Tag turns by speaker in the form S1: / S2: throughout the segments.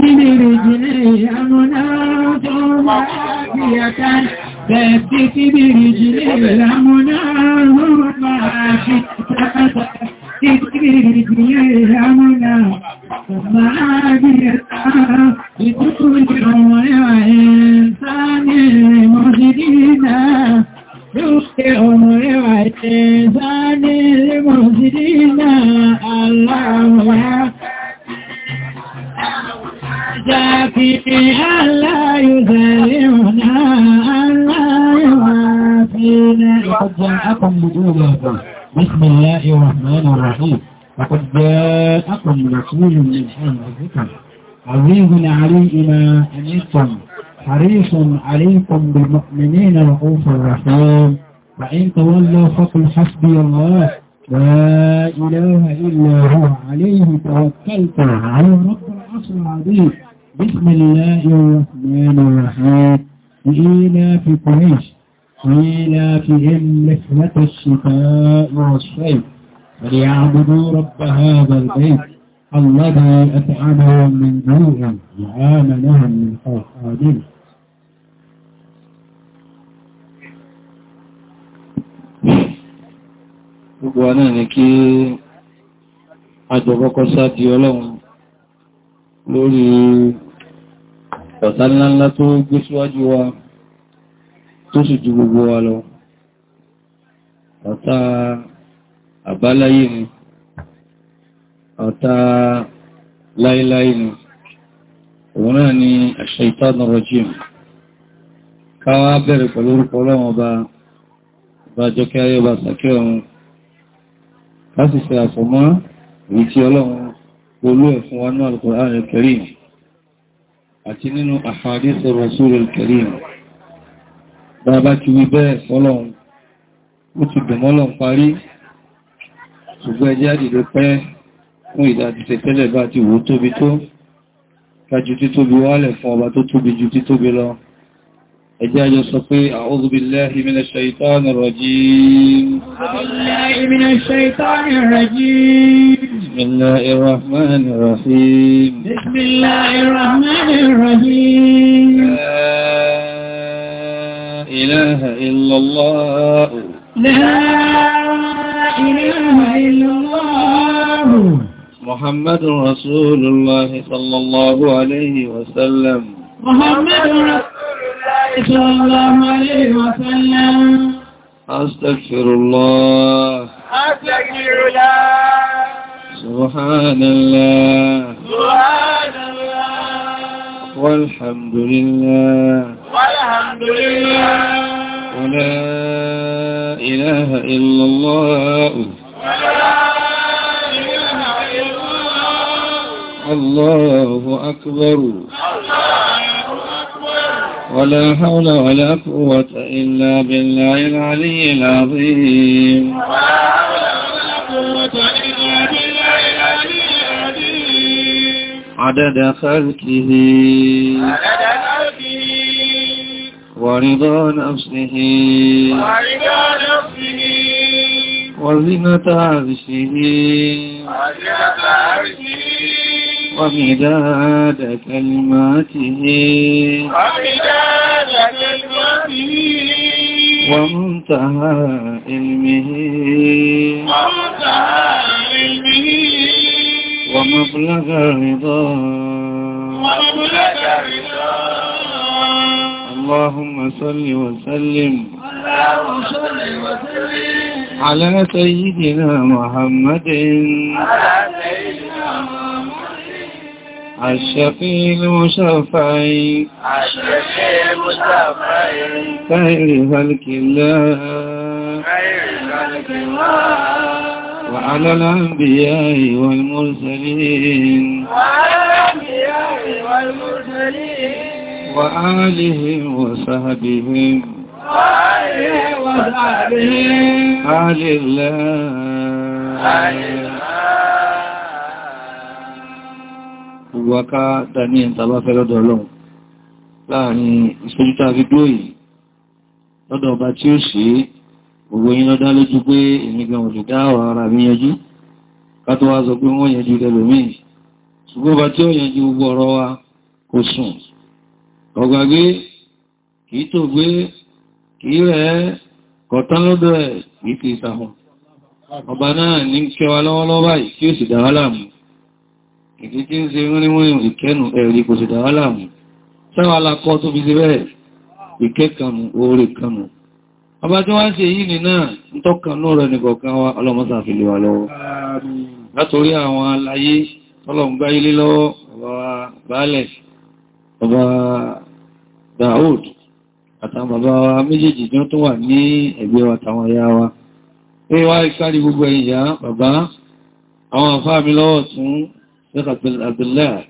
S1: برجلي منات وعافية ثبت برجلي منات وعافية ثبت برجلي منات وعافية لتخرج يا إنسان مهدينا يخطئهم يا إنسان مهدينا الله ألا يذلمنا ألا يوافينا لقد جاءكم بدونكم بسم الله الرحمن الرحيم لقد جاءكم رسول من أنفسكم
S2: عزيز عليهما ما أنتم حريص عليكم بالمؤمنين
S1: رؤوف الرحيم فإن تولوا فقل حسبي الله لا إله إلا هو عليه توكلت على رب العصر العظيم بسم الله الرحمن الرحيم في قريش
S2: وإيلافهم رحلة الشفاء والصيف فليعبدوا رب هذا البيت الذي أطعمهم من جوع
S1: وآمنهم من خوف آمين
S2: gbogbo wa náà ni kí àjọ̀bọ́kọ́ sáà di ọlọ́run lórí ọ̀sá ńláńlá tó gbé síwájú wa tó sì ju gbogbo wa lọ ọ̀tá àbáláyé ni ọ̀tá láíláí ni òun náà ni ash-shaytanu rajim káwá bẹ̀rẹ̀ pẹ̀lú orúkọ ọlọ́run ọba bá jọkẹ́ ayé ọba sàkẹ́ ọ̀run ká àfọ̀mọ́ èyí tí olú ẹ̀ wa ní Al-Qur'an al àti nínú ahadith Rasulul Karim bàbá ti wí bẹ́ẹ̀ fọ́lọ́run ó ti dùnmọ́lọ̀ parí ṣùgbọ́n ẹjẹ́ àdìdó pẹ́ fún ìdájúṣe tẹ́lẹ̀ bá ti wò tóbi tó kájú títóbi wálẹ̀ fún ọba tó tóbi ju títóbi lọ ẹjẹ́ àjọ sọ pé a'udhu بسم الله الرحمن الرحيم بسم
S1: الله الرحمن الرحيم لا
S2: إله إلا الله
S1: لا إله إلا الله
S2: محمد رسول الله صلى الله عليه وسلم
S1: محمد رسول الله صلى الله عليه وسلم
S2: أستغفر الله
S1: أستغفر الله
S2: سبحان الله
S1: سبحان الله
S2: والحمد لله
S1: والحمد لله ولا
S2: إله إلا الله ولا
S1: إله إلا
S2: الله أكبر
S1: الله أكبر ولا
S2: حول ولا قوة إلا بالله العلي العظيم ولا
S1: حول ولا قوة إلا
S2: عدد خلقه
S1: خلقه ورضا
S2: نفسه نفسه وزنة عرشه
S1: ومداد
S2: كلماته ومداد كلماته ومنتهى علمه ومنتهى
S1: علمه
S2: ومبلغ الرضا ومبلغ الرضا اللهم صل وسلم على سيدنا محمد على
S1: سيدنا محمد الشفيع
S2: المشفع الشفيع المشفع
S1: خير خلق الله خير خلق الله وعلى
S2: الأنبياء والمرسلين
S1: وعلى الأنبياء والمرسلين
S2: وآلهم وصحبهم
S1: وآلهم وصحبهم آل
S2: الله Ìwàká dání ẹ̀ntà bá fẹ́ lọ́dọ̀ ọlọ́run láàrin ìṣẹ́jú tàbí dóyìí lọ́dọ̀ ọba tí ó ṣe é gbogbo yín lọ dá lójú pé èmi gan òjò dá ọ̀rọ̀ ara mi yanjú ká tó wá sọ pé wọ́n yanjú lẹ́lòmíì ṣùgbọ́n bá tí ó yanjú gbogbo ọ̀rọ̀ wa kò sùn ọgbàgbé kìí tó gbé kìí rẹ̀ kọ̀tán lọ́dọ̀ ẹ̀ kìí fi ìsàhùn ọba náà ní kẹwa lọ́wọ́lọ́wọ́ kí ó sì dáwà láàmú ìdí tí ń ṣe rínrínwín ìkẹ́nu ẹ̀rí kò sì dáwà láàmú sáwà lakọ́ tó fi ṣe bẹ́ẹ̀ ìkẹ́kànnù oore kanù ọba tí wá ń ṣe yìí nìna ń tọ́kà náà rẹ̀ nìkọ̀ọ̀kan wá ọlọ́mọ́sà fi lè wà lọ́wọ́ látorí àwọn aláyé ọlọ́mgbá ilé lọ́wọ́ ọba baálẹ̀ ọba Daoud àtàwọn bàbá wa méjèèjì tí wọ́n tó wà ní ẹgbẹ́ wa tàwọn ẹ̀yà wa pé wá ìkárí gbogbo ẹ̀yà bàbá àwọn àfá mi lọ́wọ́ tún Abdullahi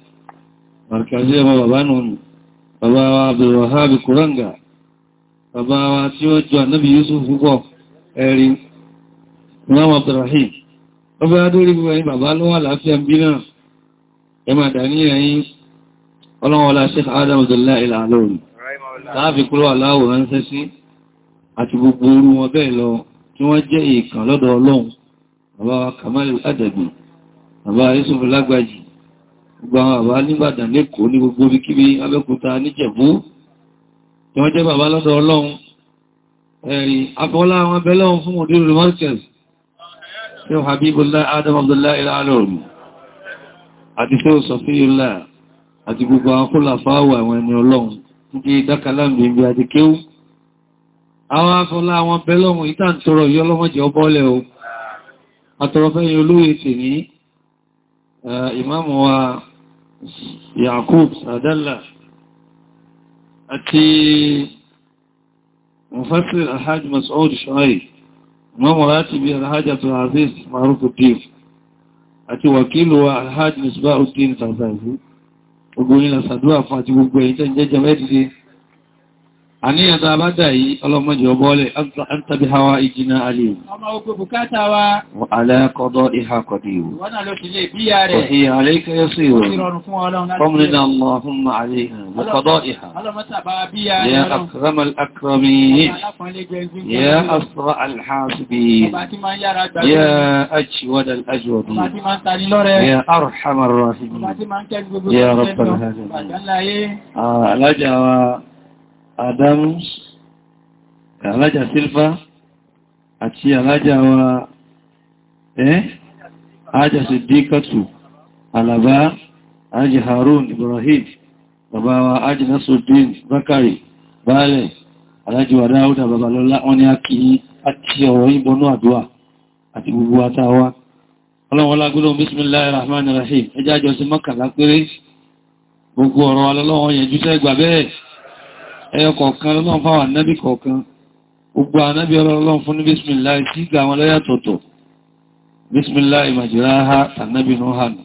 S2: Markazi bàbá wa tí ó jọ ànábì Yusuf púpọ̀ ẹ̀rí ìmáàmù Abdurrahim ó bẹ́ adórí gbogbo ẹ̀yìn bàbá ló wà láàáfíà bí náà ẹ máa dà ní ẹ̀yìn ọlọ́wọ́lá Sheikh Adam Abdullah Al-Alawi láàfi kúrò aláwò ránṣẹ́ sí àti gbogbo orú wọn bẹ́ẹ̀ lọ tí wọ́n jẹ́ ìkàn lọ́dọ̀ Ọlọ́run bàbá wa Kamal Adabi àwọn bàbá nígbàdàn lẹ́kọ̀ọ́ ní gbogbo bí kíbi Abẹ́kúta níjẹ̀bú tí wọ́n jẹ́ bàbá lọ́dọ̀ ọlọ́run ẹ̀rì afọ́lá wọn bẹ́lọ́run fún mọ̀dúrù remarkers tí ó Habibullah Adam Abdullah ilalorun àti tí ó Sofiyullah àti gbogbo àwọn kólà fáwà àwọn ẹni ọlọ́run ní dákàlámbì ibi àti kéwú àwọn afọ́lá wọn bẹ́lọ́run ìta ń tọrọ ìyọ́lọ́mọ́jẹ́ ọbọ́lẹ̀ o àtọrọfẹ́yìn olóyè tì wa Yakub Sadallah àti mufassir alhaji masoud shoaib imamu ratibi alhaji abdulaziz maruf udin àti wàkílù wa alhaji misbah udin tàbí gbogbo nílà sàdúrà fún àti gbogbo ẹ̀yìn jẹ́jẹ́ mẹ́dìdì àníyàn tàà bá dà yìí ọlọ́mọdé ọbọ́lẹ̀ an tàbí hawa ìjìnà alim ọmọ ogun bukata wa wà alákọ́dọ́ ìhà kọ̀dí ìwò wọ́n náà ló ti lè bí yà rẹ̀ ìhà aléka yóò sí ìwò ọmọdé allahumma aléhà bukọ́dọ́ ìhà ya akramal akramin ya asra alhasibi ya ajwad alajwadi ya arhamar rahim ya rabbal halamin ah, alajawa Adam, alájà Silva àti alájà wa ẹ́ eh, alájà Siddiqatu Alaba alájà Harun Ibrahim bàbá wa alájà Nasruddin Bakari Baálẹ̀ alájà wa Dáúdà Babalọ́lá wọ́n ni a kì í àti ọ̀rọ̀ ìbọnú àdúwà àti gbogbo àtàwà ọlọ́wọ́lá gúlọ́ Bismillahir Rahmanir Rahim ẹjá jọ sí mọ́kànlá péré gbogbo ọ̀rọ̀ alọ́lọ́wọ́ yẹn jù sẹ́gbà bẹ́ẹ̀ ẹyọ kọ̀ọ̀kan lọ́lọ́run fáwọn ànábì kọ̀ọ̀kan gbogbo ànábì ọlọ́run fún ní bísmìláì sí ìgbà àwọn lọ́yàtọ̀tọ̀ bísmìláì màjìláha tànábì nùhànù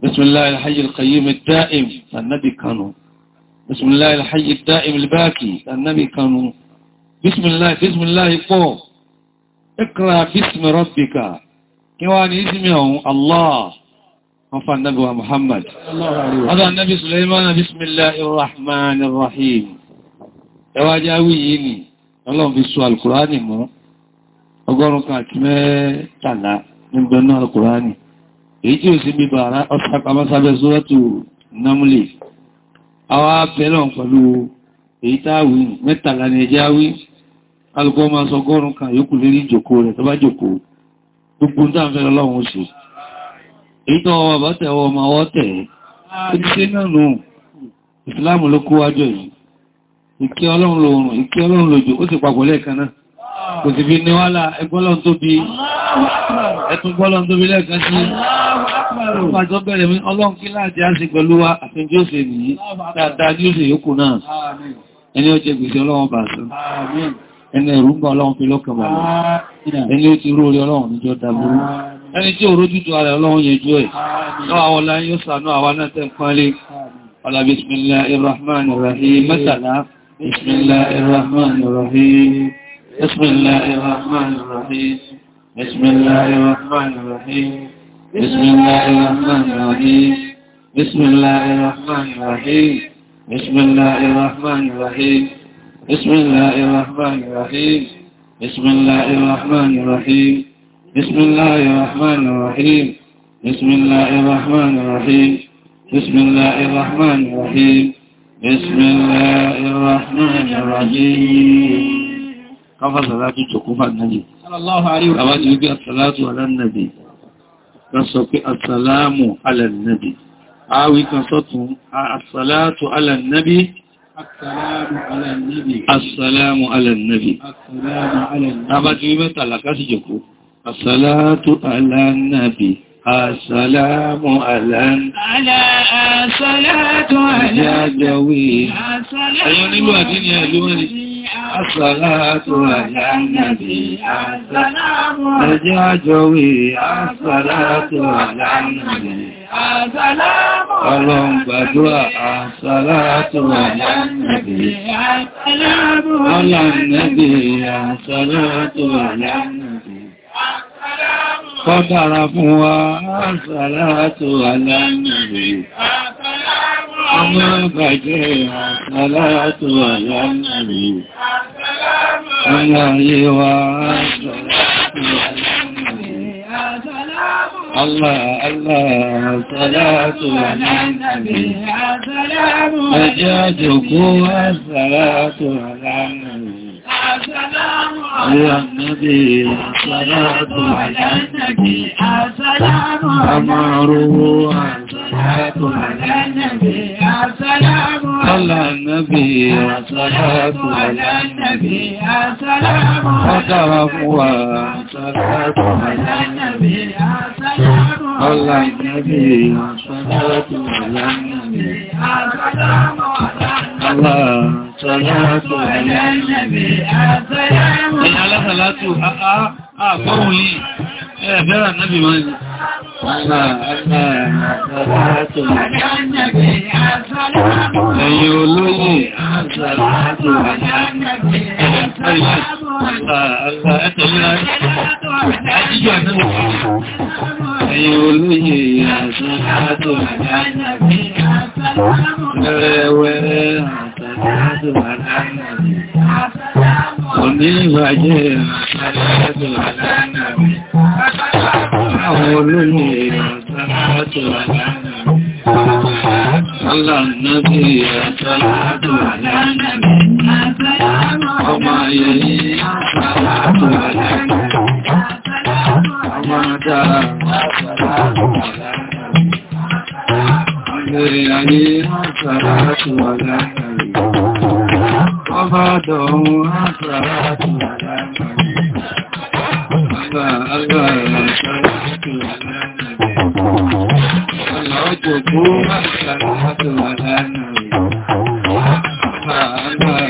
S2: bísmìláì alhaji alqayyim da'im tànábì kanu bísmìláì alhaji da'im albaki tànábì kanu bísmìláì bísmìláì pọ̀ ikra bísmì rabbika kí wá ní ìsinmi ọ̀hún allah وفى النبي محمد هذا النبي سليمان بسم الله الرحمن الرحيم ẹwà jáwí yìí nì ọlọ́run fi so alkùránì mọ́ ọgọ́rùn kan àti mẹ́tàlá nígbẹ̀nà alkùránì èyí tí ó sì bí bàrá ọ̀sàpamọ́sábẹ́ sóràtù námúlẹ̀ àwọn abẹ́lọ̀ pẹ̀lú èyí táwí mẹ́tàlá ni ẹjáwí alùkọ́ máa sọ ọgọ́rùn kan yóò kù lérí ìjòkó rẹ̀ tó bá jòkó gbogbo ń tàbí ọlọ́run ṣe ìkí ọlọ́run lòrùn ìkí ọlọ́run lòjò ó sì papọ̀ lẹ́ẹ̀kan náà kò sì fi ní wálà ẹgbọ́lọ́run tó bí ẹtún gbọ́lọ́run tó bí lẹ́ẹ̀kan sí ọpàjọ́ bẹ̀rẹ̀ mi ọlọ́run kí láti á sí pẹ̀lú wa àfin tí ó sì nìyí dáadáa ní ó sì yókù náà ẹni ó jẹ gbèsè ọlọ́run bà sọ ẹni ẹ̀rù ń bá ọlọ́run fi lọ́kàn bà lọ ẹni ó ti rórí ọlọ́run níjọ́ dàbúrú ẹni tí ò rójútu ara ọlọ́run yẹn jú ẹ̀ náà àwọn ọlá yóò sànú àwa náà tẹ́ pánlé ọlá bismillahir rahmanir rahim mẹ́tàlá بسم الله الرحمن الرحيم بسم الله الرحمن الرحيم بسم الله الرحمن الرحيم بسم الله الرحمن الرحيم بسم الله الرحمن الرحيم بسم الله الرحمن الرحيم بسم الله الرحمن الرحيم بسم الله الرحمن الرحيم بسم الله الرحمن الرحيم بسم الله الرحمن الرحيم بسم الله الرحمن الرحيم بسم الله الرحمن الرحيم بسم الله الرحمن الرحيم كفى صلاة تقوم النبي صلى الله عليه وسلم أواد يبقى الصلاة على النبي كسوك السلام على النبي آوي كسوتهم الصلاة على النبي السلام على النبي السلام على النبي
S1: السلام على النبي أواد
S2: يبقى على النبي السلام على
S1: على الصلاة على جوي أيون إلو أدين
S2: يا لوني الصلاة على النبي
S1: السلام
S2: على جوي الصلاة على النبي
S1: السلام
S2: اللهم بدوى الصلاة على النبي
S1: السلام على النبي الصلاة على النبي Kọ́dára fún wa, àṣàlátò aláàmì. Ọmọ bàjẹ́ àṣàlátò aláàmì. Ọmọ ayé wa, àṣàlátò aláàmì. Allah, Allah, àṣàlátò aláàmì. Ẹjẹ́ àjòkó àṣàlátò aláàmì. Àṣàlátò يا النبي صلاة على النبي السلام أمره
S2: صلاة على
S1: النبي السلام على
S2: النبي صلاة على
S1: النبي يا أكرمها
S2: صلاة على
S1: النبي السلام على
S2: النبي صلاة على النبي
S1: السلام الله صلاة على النبي السلام ẹ̀yìn alásàlátù àgbọ́hùn yìí ẹ̀bẹ̀rẹ̀ náàbì máa
S2: Ààrẹ olóyè àṣàkátò àdáyàbí
S1: wẹ́rẹ́wẹ́rẹ́ àṣàkátò àdáyàbí. Òní ìbàjẹ́ àṣàkátò àdáyàbí. Àwọn olóyè àṣàkátò àdáyàbí. Alánàbí àṣàkátò àdáyàbí. Ọmọ ayẹyẹ àṣàkátò àdáyàbí mata Ìrìnàní àtàrà àtù àlàkàrí. Ọba àtọ̀hún àtàrà àtù àlàkàrí. Ọba agbára àtàrà àtù àlàkàrí. Ọ̀nà ọjọ̀ tó àtàrà àtù àlàkàrí. Ọba agbára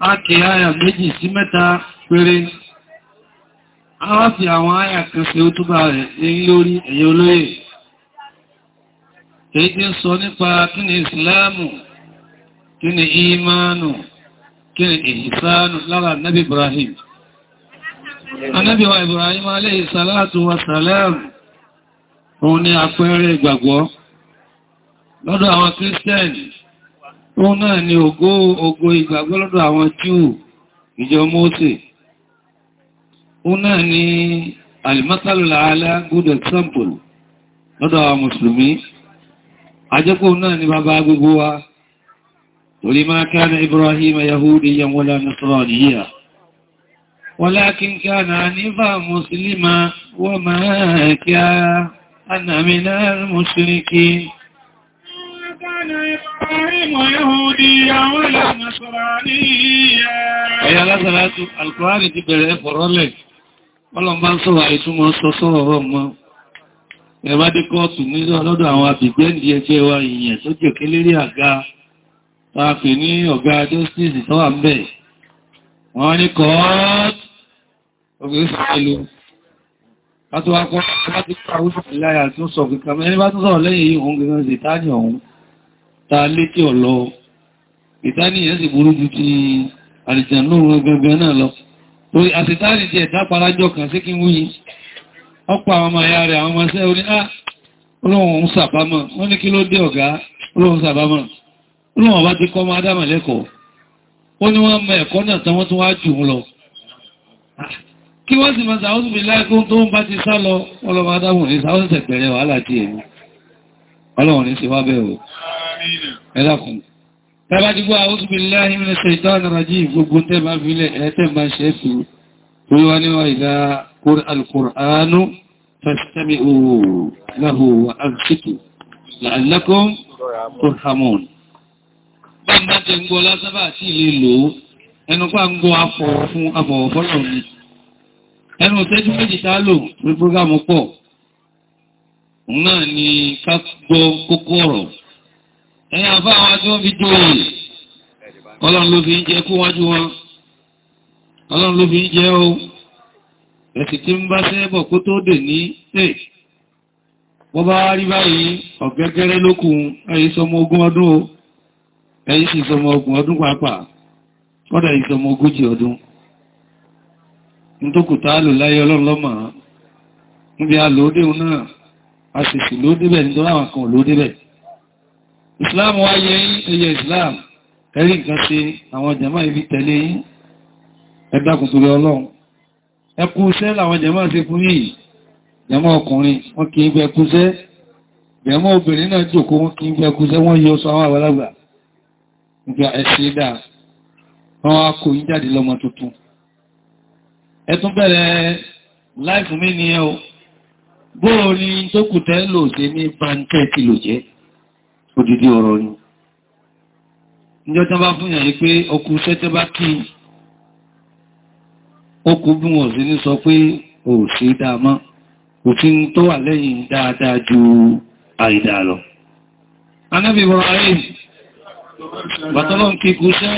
S2: a kì áyà méjì sí mẹ́ta péré a wá fi àwọn áyà kan fi ó túbà rẹ̀ ní lórí ẹ̀yẹ olóyè èyí tí ń sọ nípa kí ni ìsìláàmù kí ni ìmánù kí ni ìhìsánù lára nábi Ibrahim anábi wa Ibrahim alayhi salatu wa salam òun ni àpẹẹrẹ ìgbàgbọ́ lọ́dọ̀ àwọn kírísítẹ́nì òun náà ni ògo ògo ìgbàgbọ́ lọ́dọ̀ àwọn Júù ìjọ Mósè òun náà ni alìmọ́sálùláàlá good example lọ́dọ̀ àwọn mùsùlùmí ajẹ́kò náà ni bàbá gbogbo wa torí máa kana Ibrahim yahudiyyan wala nasraniyya walakin kana
S1: Ẹ̀yà lásàrátù,
S2: Alkùránì ti bẹ̀rẹ̀ fọ̀rọ́lẹ̀, ọlọ́mbá ń sọ́wà ìtumọ̀ sọ sọ́rọ̀ ọmọ. Ẹ̀bá dé kọ́ọ̀tù ní ọlọ́dọ̀ àwọn àbìgbẹ́ndì ẹjẹ́ wa ìyẹn sókè kélérí àga, tààfì ní ọ̀gá justice sọ́wà ń bẹ̀. Wọ́n ní kọ́ọ̀tù, Àtúwàkọ́ láti pàwọ́ ìlàyà tó sọ kìkàmẹ́ ẹni bá tó sọ lẹ́yìn ìhùn gẹ̀gẹ́ ìtàní ta lékè ọ̀lọ́ ìtaníyàn sì burú ju ti àrìjànú gbẹgbẹ náà lọ torí àtìtáàrì jẹ́ ìdáparájọ́ kan sí kí wúyí ọ̀pọ̀ àwọn ọmọ ayá rẹ̀ àwọn ọmọ ṣẹ́ orí ah olóhun sàbámọ̀ wọ́n ní kí ló dé ọ̀gá olóhun sàbámọ̀ olóhun ọba ti kọ́ ọmọ adámọ̀ lẹ́kọ̀ọ́ ó ní wọ́n mọ ẹ̀kọ́ náà tán wọ́n tún wá jù lọ ah, kí wọ́n sì máa sàwọ́sùn mi láìkún tó ń bá ti sá lọ ọlọ́mọ adámọ̀ ní sàwọ́sùn tẹ̀pẹ̀rẹ̀ wàhálà ti ẹ̀mí ọlọ́run ní sí wá bẹ́ẹ̀ ẹ̀dàkùn tàbá dìbò a'udhu billahi minash shaitanir rajim gbogbo tẹ́ bá fílẹ̀ ẹ̀tẹ́ bá ṣe fi wíwá níwá ìdá al-Qur'anu fastami'u lahu wa ansitu la'allakum turhamun bá ti ń gbọ́ lásábà sí ilé lò ó ẹnu pa ń gbọ́ afọ̀wọ̀ náà ni ká gbọ́ kókó ọ̀rọ̀ ẹ̀yà fún àwọn tí wọ́n fi jó òun ọlọ́run ló fi ń jẹ kú wájú wọn ọlọ́run ló fi ń jẹ o ẹ̀sì tí ń bá sẹ́bọ̀ kó tó dè ní tẹ̀ wọ́n bá rí báyìí ọ̀gẹ́gẹ́rẹ́ lókun ẹ̀yìn sọmọ ogún ọdún o ẹ̀yìn sì sọmọ ogún ọdún pàápàá kọ́dà yìí sọmọ ogójì ọdún nítòkùtà lò láyé ọlọ́run níbi islam wá yẹ ẹyẹ islam ẹ̀rí nǹkan ṣe àwọn jàmáà ibi tẹ̀lé yín ẹ̀dàkùn torí ọlọ́run ẹkú iṣẹ́ làwọn jàmáà ṣe fún yìí jàmáà ọkùnrin wọ́n kì í bẹ́ẹ̀kú iṣẹ́ jàmáà obìnrin náà jòkó wọ́n kì í bẹ́ẹ̀kú iṣẹ́ wọ́n yọ sọ àwọn àgbàlagbà nígbà odidi ọ̀rọ̀ ni níjọ́ tán bá fún ìyàrí pé ọkù iṣẹ́ tẹ́ bá kí ọkù bí wọ́n sí ní sọ pé ò sí dáamá òfin tó wà lẹ́yìn dáadáa ju àìdá lọ anábì Ibrahim bàtọ́lọ́ ń kí kú iṣẹ́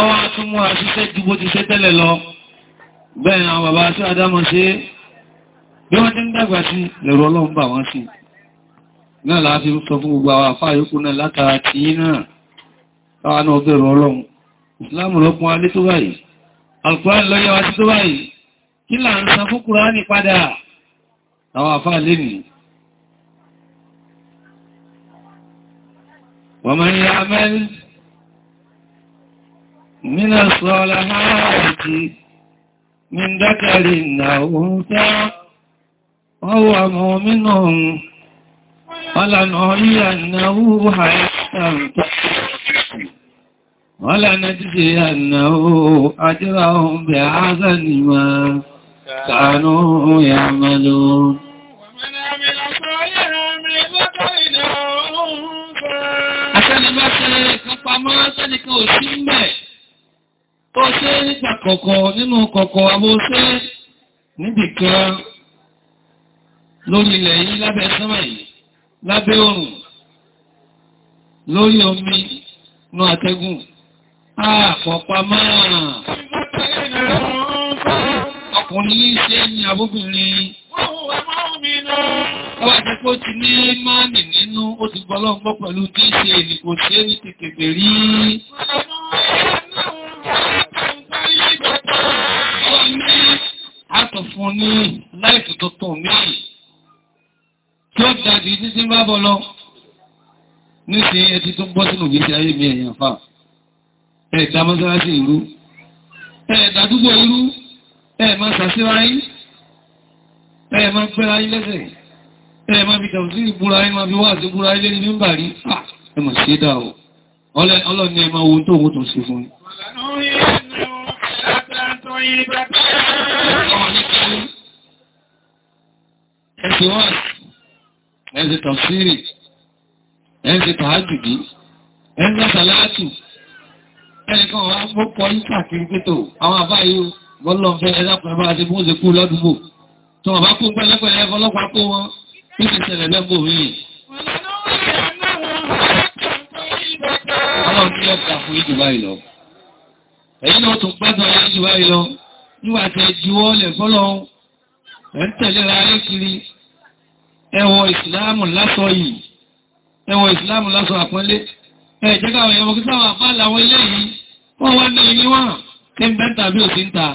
S2: ọwọ́ tún mú àṣíṣẹ́ ju bó ti ṣe tẹ́lẹ̀ lọ bẹ́ẹ̀ àwọn bàbá sí adámọ́ ṣe bí wọ́n ti ń dàgbà sí lẹ̀rọ ọlọ́run bà wọ́n sí i náà láti sọ fún gbogbo àwọn àfáà yókù náà látara tí náà káwà náà bẹ̀rù ọlọ́run ìsìláàmù lọ́pọ̀ alé tó báyìí alkùránì lọ́yẹ́ wa ti tó báyìí kí là ń san fún kùránì padà àwọn àfáà lè nì wọ́n mọ̀ ní amẹ́rin من الصالحات من ذكر أو أنثى ولنحيينه حياة ولنجزينه أجرهم بأحسن ما
S1: كانوا
S2: يعملون
S1: ومن عمل صالحا من ذكر أو أنثى àtẹ́nibẹ́sẹ̀ kápá máa sẹ́nìkan ò sí mẹ́ tó ṣe nígbà
S2: kọ̀kọ̀ nínú kọ̀kọ̀ àbóṣẹ́ níbìkan lórí ilẹ̀ lábẹ́ oòrùn lórí omi ní àtẹ́gùn àpọ̀pá máa ọkùnrin yìí ṣe ní
S1: abúbìnrin ọwọ́ àtẹ́kọ́
S2: ti ní máàlì nínú ó ti gbọ́lọ́gbọ́ pẹ̀lú tí ṣe ènìkò tí ó ní ti kèfè rí Àtọ̀fún ní láìtù tuntun mìí tí ó ga jù títí bá bọ́ lọ níṣe ẹti tó bọ́ sínú gbèsè ayé mi ẹ̀yàn fà ẹ̀ẹ̀dá mọ́sálásí ìlú ẹ̀ẹ̀dá dúgbò ìlú ẹ̀ẹ̀má sàṣíwáyí ẹ̀ẹ̀má gbẹ́ra ilẹ́sẹ̀ ẹ̀ẹ̀má fi tàbí ìbúra ẹ̀má fi wá àti ìbúra ilé ní mímbàrí ẹ̀mà ṣe dà ọ̀ ọlọ́ni ẹ̀sìn wọ́n ẹ̀ẹ́sì tọ̀sírì ẹ̀ẹ́sì tàájùdí ẹ̀ẹ́sì àtàláàtù ẹnìkan wá mú pọ̀ yíká kiri pétò àwọn àbáyé bọ́lọ́fẹ́ ẹ̀dàpọ̀ ẹ̀bá àti mú ìsìnkú lọ́dúnbò tó wọ́n bá kún pẹ́lẹ́pẹ́lẹ́ ọlọ́pàá kó wọn tó sì ṣẹlẹ̀ lẹ́gbò mí
S1: ọlọ́run ní ọ̀pá
S2: fún ìjù báyìí lọ èyí ló tún pẹ́ tọ́lá ìjù báyìí lọ nígbà tẹ́ juwọ́ lẹ̀ fọ́lọ́run ẹ̀ ń tẹ̀lé ra ayé kiri ẹwọ ìsìláàmù lásọ yìí ẹwọ ìsìláàmù lásọ àpọ́nlé ẹ̀jẹ́gà ẹ̀wọ̀n kí sáwọn àpá làwọn ilé yìí wọ́n wá ní ilé wọ́n tí ń bẹ́ta bí ò sí ń ta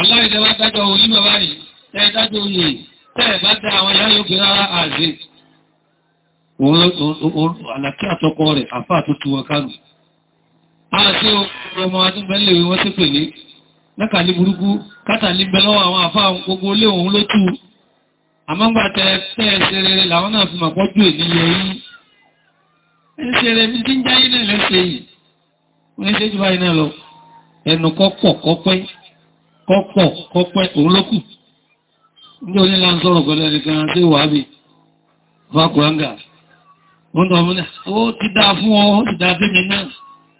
S1: Ọ̀lá ìjọba dájọ́ òyí bàbá yìí, ẹ dájọ́ òyè, tẹ́ẹ̀ bá dá àwọn ìyá
S2: yóò kìí rárá àzé. Òun àlàkí àtọkọ rẹ̀, àfáà tó túwọ kánù àti ọmọ adúgbẹ́lẹ̀ wọ́n sí pè ní lẹ́kàlí burúkú kátàlí bẹ́lọ́wọ́ àwọn àfá gbogbo olé òun ló tú àmọ́gbà tẹ́ẹ̀ṣẹ́ rere làwọn náà fi màpọ́jú ènìyàn yìí ẹni ṣe rẹ̀ bí tí ń jáyé náà lẹ́sẹ̀ yìí wọ́n ní ṣe jù báyìí náà lọ ẹnu kọ́pọ̀ kọ́pẹ́ kọ́pọ̀ kọ́pẹ́ òun ló kù ní onílà ń sọ̀rọ̀ pẹ̀lú ẹnìkan tí wàá bì fún akọ̀ọ́ngà wọ́n tọ́ ọmọ náà ó ti dáa fún ọ ó ti dáa fún mi náà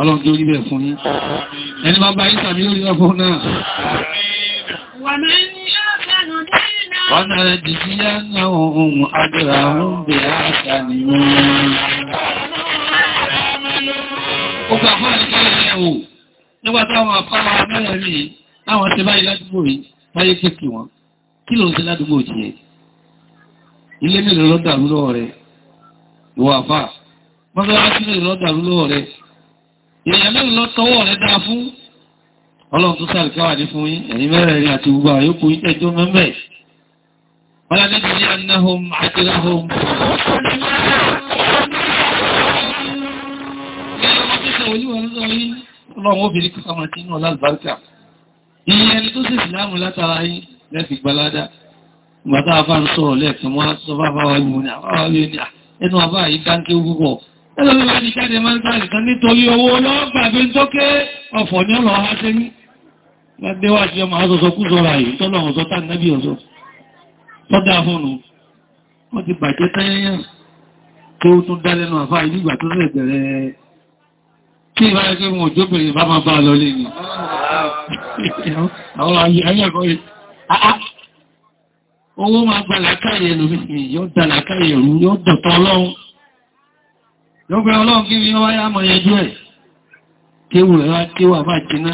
S2: ọlọ́run tó rí bẹ̀ fún yín ẹni bá bá yí sàmì lórí ọkọ̀ náà wọ́n náà dìdí yá náà ohun agbára ohun bẹ̀ àṣà nìyàn
S1: ó gbà fún àríkẹ́lẹ̀ ẹ̀wò
S2: nígbà táwọn àpáwà mẹ́rẹ̀ rí àwọn ti báyìí ládùúgbò yìí báyé kéèkì wọn kí ló ń ṣe ládùúgbò jìyẹ ilé mélòó lọ́dàrú lọ́wọ́ rẹ̀ ìwọ àfà mọ́tọ́lá sílẹ̀ lọ́dàrú lọ́wọ́ rẹ̀ èèyàn mẹ́rin lọ tọwọ́ rẹ̀ dáa fún ọlọ́run tó sáré káwà ní fún yín ẹ̀yin mẹ́rẹ̀ rí àti gbogbo àyókù ìtẹ́jọ́ mẹ́mẹ́ wọ́n láti ti anáhùn àti ráhùn ọlọ́run obìnrin kọ́kọ́ máa ti ní ọlá àlùbáríkà iye ẹni tó sì síláàmù látara yín lẹ́fì gbalada ìgbàtà àfáà ń sọ̀rọ̀ lẹ́ẹ̀kan wọ́n sọ fáfáwà lù ní àfáwà lù ní ẹnu àfáà yìí dáńké púpọ̀ ẹlọ́bí bá jáde máa ń sáàrì kan nítorí owó ọlọ́gbàgbé ń tókè ọ̀fọ̀ ní ọ̀lọ́ ha ṣe ní gbẹ́wà ṣe ọmọ ọ̀sọ̀sọ̀ kú sọ́ra yìí tọ́lọ̀ ọ̀sọ̀ tá nẹ́bí ọ̀sọ̀ tọ́dá fóònù wọ́n ti bàjẹ́ tẹ́yẹyàn owó máa gbà làkàyè lómi yóò dà làkàyè yóò dọ̀tọ̀ ọlọ́run lọ́gbẹ̀rẹ̀ ọlọ́run kí ni wáyé àmọ̀yẹ díẹ̀ kéwù rẹ̀ wá kéwù àbá jìnà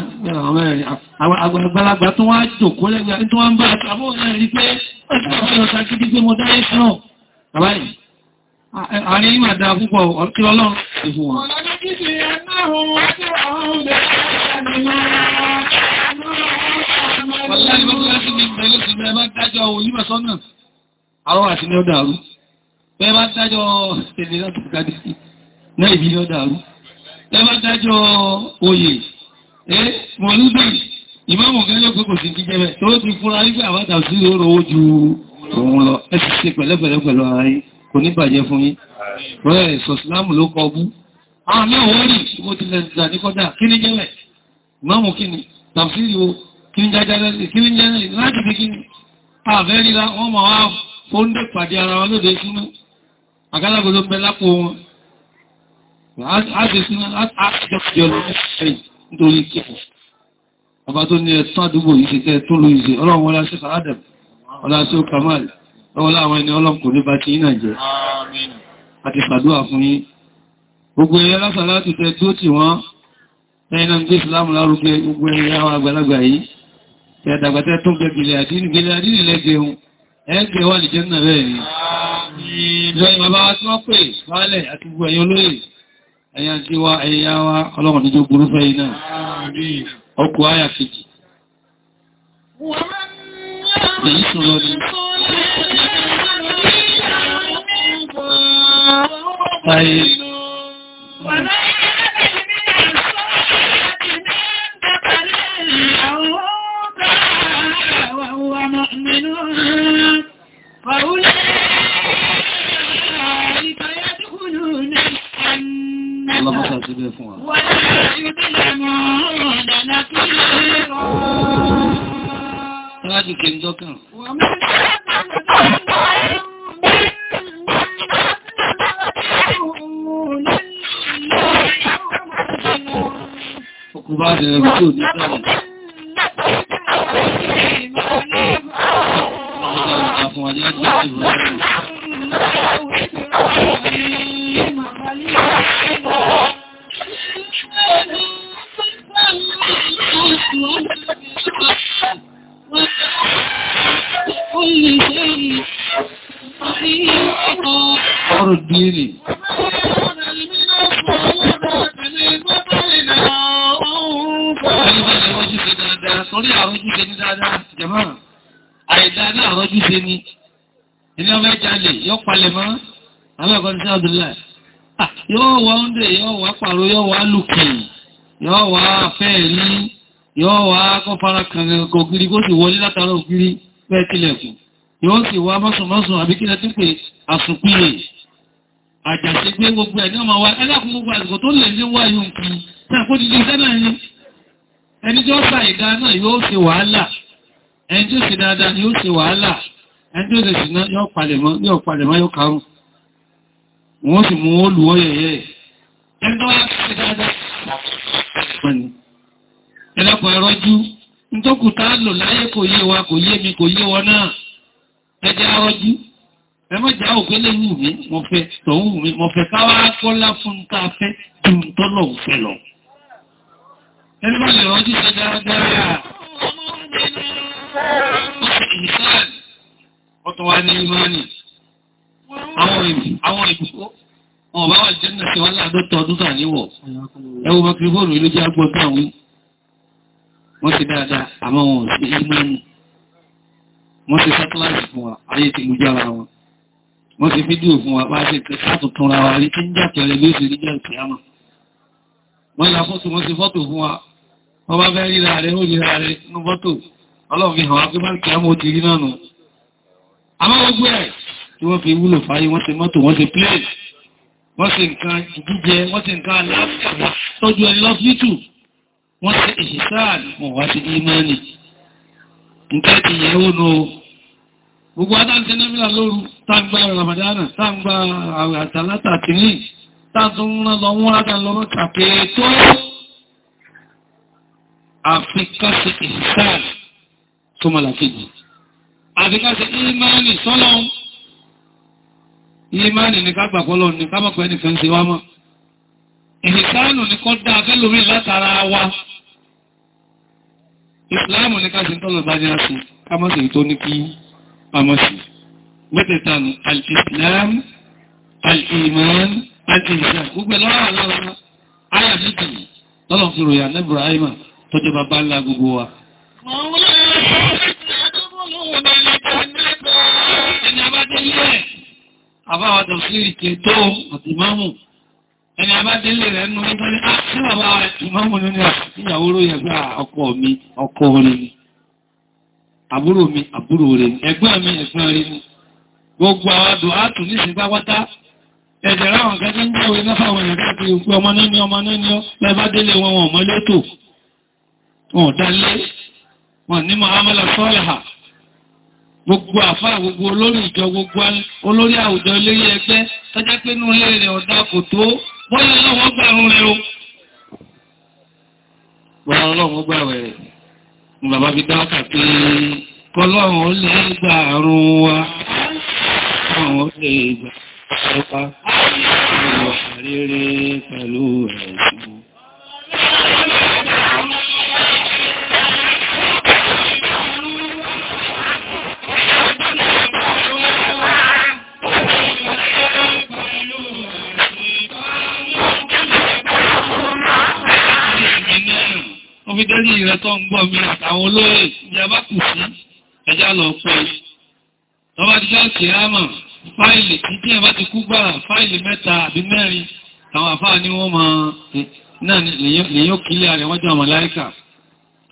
S2: àgbàlagbà tó wá jòkó lẹ́gbẹ̀ẹ́ tó wá ń bá àtàbọ̀
S1: rí pé ọ̀sán
S2: kìí pé mo dáyé sọ́nà àbáyìí àrí ìmàdà púpọ̀ kí ọlọ́run ti Àwọn àti ní ọdá àrú. Bẹ́ẹ̀ bá dájọ́ ìrìnlẹ́gbẹ̀ẹ́ náà ìbí yóò dàrú ẹbá dájọ́ oyè ẹ́ mọ̀lúdì ìmáàmù gẹ́lẹ́ pé kò sí kí jẹ́ tó ti fúnra wípé àwádà sí oró ojú òun lọ ẹ ti ṣe pẹ̀lẹ́pẹ̀lẹ́ pẹ̀lú ara yín kò ní bàjẹ́ fún yín rẹ̀ sọ̀sìlámù ló kọ bú àwọn náà wọ́n rí mo ti lẹ̀ dà ní kọ́dà kí ní jẹ́lẹ̀ ìmáàmù kí ni tàbísírì o kí ní jájálẹ̀ kí ní jẹ́lẹ̀ láti fi kí ni àbẹ́ríra wọ́n mọ̀ wá fóńdé pàdé ara wọn lóde súnmọ́ Ọba tó ní ẹ̀sán àdúgbò ìṣẹ́ tẹ́ tó ló ìṣẹ́ ọlọ́run wọlá sí Sàádẹ̀m, ọlá sí Kamal, ọlá àwọn ẹni ọlọ́run kò ní bá ti ìnà jẹ́. Àti ṣàdúwà fún yín. Gbogbo ẹ̀yẹ lásàlá ti tẹ́ tó tì wọ́n, ẹ̀yìnà ní Ìsìlámù lárúgbé gbogbo ẹ̀yà àgbàlagbà yìí. Ẹ̀dàgbàtẹ́ tó gbẹ gẹ̀lẹ̀ àdínì gẹ̀lẹ̀ àdínì lẹ́gbẹ̀ẹ́ ẹgbẹ̀ wà lè jẹ́ náà rẹ̀ rí. Ìjọ ìbàbá tí wọ́n pè, wálẹ̀ àti gbogbo ẹ̀yọ lóyè ẹ̀yà tí wá ẹ̀yà wá ọlọ́run tó burú fẹ́ iná ọkù ayà kejì èyí sùn يدخلون
S1: الجنة Ọlọ́pàá ti bẹ́ fún wa. Wọ́n ti bí lẹ́nu ìdáná kí lè rọ̀.
S2: Wọ́n ti kí ń dọ́kàn.
S1: Wọ́n mú Ọkùnbá bẹ̀rẹ̀ tí ò ní sáàrùn. Ọjọ́ ìgbà fún wa ní ọjọ́ ìgbà fún wa.
S2: Abdullahi ah, yóò wá oúnjẹ yóò wá pàrọ̀ yóò wá lùkì yóò wá fẹ́ rí yóò wá kọ́ fara kànkànkà ògiri kó sì wọlé látara ògiri pẹ́ tilẹ̀kùn yóò sì wá mọ́sùnmọ́sùn àbí kílẹ̀ tí pé àsùnpìlẹ̀ àjàṣe gbé gbogbo ẹ̀ ní ọmọ wa ẹlẹ́kùn gbogbo àsìkò tó lè ní wáyé nǹkan tàkó ti di sẹ́nà ẹni ẹni tí ó sa ìdá náà ó ṣe wàhálà ẹni tí ó ṣe ṣìná yóò yóò palẹ̀mọ́ yóò karùn-ún wọ́n sì mú wọ́n lùwọ́ yẹ̀yẹ́ ẹ̀dọ́kọ̀ ẹ̀rọ́jú nítọ́kù tá lò láyé kò yé wa kò yé mi kò yé wọn náà ẹjẹ́ ẹrọ́jú ẹmọ́jà òpélé wù mí mo fẹ́ tọ̀hún mi mo fẹ́ káwá kọ́lá fún ta fẹ́ tí ń tọ́lọ̀ òfẹ́ lọ ẹni bá lè rọ́jú sẹ́jẹ́ ẹrọ́jú
S1: àwọn èbì àwọn èbì ó wọn bá wà jẹ́ náà tí wọ́n láàdọ́tọ̀ ọdún tà níwọ̀
S2: ẹwọ mọ́kìrìfóònù ilé jẹ́ agbọ́n tó àwọn wọ́n ti dáadáa àmọ́ wọn ò sí ìmọ̀nù wọ́n ti sátáláìtì fún wa ayé ti lùjá ara wọn wọ́n ti fídíò fún wa bá ṣe sátùtún ra wa rí tí ń jà kẹrẹ lóṣù níjà ìkìyàmà wọ́n ya fọ́tò wọ́n ti fọ́tò fún wa wọ́n bá fẹ́ ríra rẹ̀ ó ríra rẹ̀ nínú fọ́tò ọlọ́ọ̀fihàn wa pé bá ti rí tí wọ́n fi wúlò fáyé wọ́n ṣe mọ́tò wọ́n ṣe plane wọ́n ṣe nǹkan jíjẹ wọ́n ṣe nǹkan aláàfíà tọ́jú ẹni lọ́fíìtù wọ́n ṣe ìṣìṣáà wọ́n wá sí ìmọ́ni nǹkan ti yẹ̀ ó nù gbogbo adáǹtẹ́ nẹ́bílà lóru táǹgbà ramadana táǹgbà àtàlátà tìlì táàtún rán lọ wọ́n rádà lọ́rọ̀ kàpẹ́ tó àfikà sí ìṣìṣáà tó mọ̀ làkejì àfikà sí ìmọ́ni sọ́lọ́un ìmánì ní kágbàkọ́lọ́ ní kámọ̀pẹ́ nìkan ṣe wá mọ́ ìhìsánù ní kọ́ dá fẹ́lómi látara wa ìsìláàmù ní káṣí tọ́lọ̀ bá ní aṣù kámọ́sì tó ní kí pàmọ́sì mẹ́tẹ̀tànù al-islam al-iman al-ihsan gbogbo lọ́wọ́ lọ́wọ́ ayà méjì tọ́lọ̀ fi ròyà nẹ́bùrọ̀ àìmà tó jọba bá ńlá gbogbo wa àbáwàtọ̀ sí ìtètò àtìmámù ẹni àbádélé rẹ̀ nù nípa ní àti ah, bàbá ìmámù ní ah, ìyàwó ló yẹ gbá ah, ọkọ mi ọkọ rẹ̀ ni àbúrò mi àbúrò rẹ̀ ni ẹ̀gbọ́n mi ẹ̀gbọ́n rẹ̀ ni gbogbo àwádò átù ní ìsìnkápátá ẹ̀jẹ̀ ráwọn kẹ́kẹ́ ń gbọ́ iná fáwọn èèyàn káàkiri òkú ọmọ níní ọmọ níní ọ lẹ́bádélé wọn wọn mọ́létò wọn dálé wọn ní mọ́ amọ́lá sọ́ọ̀lẹ̀ gbogbo àfá gbogbo olórí ìjọ gbogbo olórí àwùjọ léyé ẹgbẹ́ tọ́já pé inú ilé rẹ̀ ọ̀dá kò tó bọ́yá ọlọ́wọ́ gbàrún rẹ̀ o bọ́yá ọlọ́wọ́ gbàwẹ̀ rẹ̀ ni bàbá fi dá wákà pé kọlọ́run ó lè gbàrún wa ọlọ́run ó lè gbàrún wa rere pẹ̀lú ẹ̀sìn omi dẹ́lì rẹ̀ tó ń gbọ́ mi àtàwọn olóyè ìjàmbá kù sí ẹjá lọ pẹ́ tọ́bá ti gáàkì rámà fáìlì tí tí ẹ̀bá ti kú gbà fáìlì mẹ́ta àbí mẹ́rin àwọn àfáà ní wọ́n máa náà lèyàn kílẹ̀ rẹ̀ wọ́n jọ màláíkà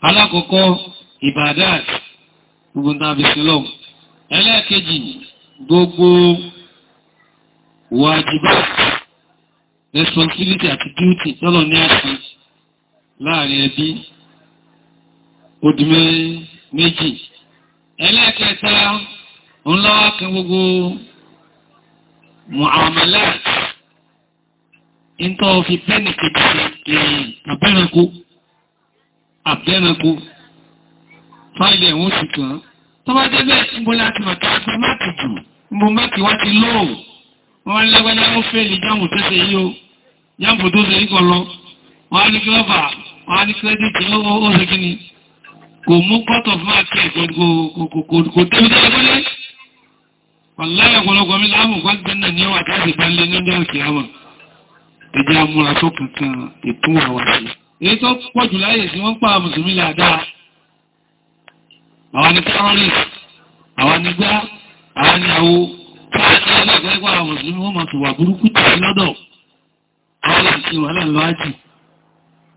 S2: alákọ̀ọ́kọ́ ìbàdàt gbogbo tàbí sílọ̀m ẹlẹ́ẹ̀kejì gbogbo wàjibá responsibility àti duty tọ́lọ̀ ní àṣírí láàrin ẹbí odùmẹ́ méjì ẹlẹ́ẹ̀kẹta ń lọ́wọ́ kan gbogbo muamalat ìntọ́ fi pẹ́ẹ̀nì kejì àbẹ́ranko àbẹ́ranko fáìlì ẹ̀wọ̀n sì kàn
S1: tó bá jẹ́ bẹ́ẹ̀ ń bọ́ láti
S2: màtà àti máàkì jù mo máàkì wá ti lóòrùn wọ́n lẹ́gbẹ́lẹ́ ó fẹ́ lè jáàmù tó ṣe jáàmù tó ṣe yí kan lọ wọ́n á ní kí wọ́n fà á wọ́n ní kírẹ́dìtì ó ṣe kí ni kò mú court of mark ẹ̀ kò tẹ́lẹ̀ ẹgbẹ́lẹ́ ọ̀láyà ọ̀pọ̀lọpọ̀ mi láàmù gbọ́gbẹ́ náà ní ọwà jáde gbánlé ní ọjọ́ ìkì àmà ẹjẹ́ amúra tó kankan ìtún àwà sí èyí tó pọ̀ jù láyé sí wọ́n pa mùsùlùmí láàdáa àwọn ni terrorist àwọn ni gbá àwọn ni àwo fáàlì alágbẹ́gbà mùsùlùmí wọ́n máa tùwà burúkú tàbí lọ́dọ̀ àwọn làǹtí wà láàrín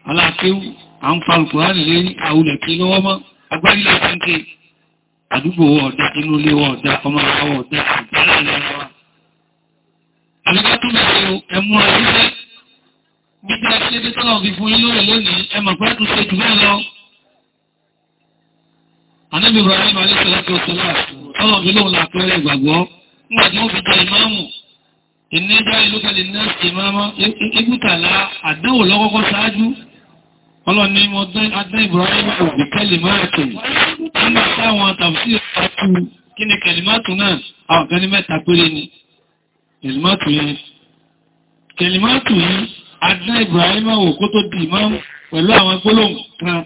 S2: aláàkéwù à ń falùkù láti lé ní àwùlẹ̀ kí lọ́wọ́ mọ́ agbárí láti ń ké àdúgbò ọ̀dá inú ilé ọ̀dá ọmọ àwọn ọ̀dá àgbára lára wa àlẹ́gbẹ́túnlẹ̀ ẹmú ẹ̀rúfẹ́ gbígbà ṣe bí tọ́lọ̀ fi fún ilé lónìí ẹmọ̀ pẹ́ tún ṣe jù bẹ́ẹ̀ lọ Ànábì Ibrahim alẹ́sọ̀lọ́pẹ́ òṣèlá tọ́lọ̀ fi lóun lápẹ́rẹ́ ìgbàgbọ́ nígbà tí máa mọ́ ẹgbùtàlá àdánwò lọ́kọ́kọ́ ṣáájú Ọlọ́run ni mo dá Ibrahim òbí kẹlìmáàtì nígbà táwọn tàbí ìpàtù kí ni kẹlìmáàtù náà àwọn kan ní mẹ́ta péré ni kẹlìmáàtù yẹn kẹlìmáàtù yìí adá Ibrahim wò kó tó di imam pẹ̀lú àwọn gbólóhùn kan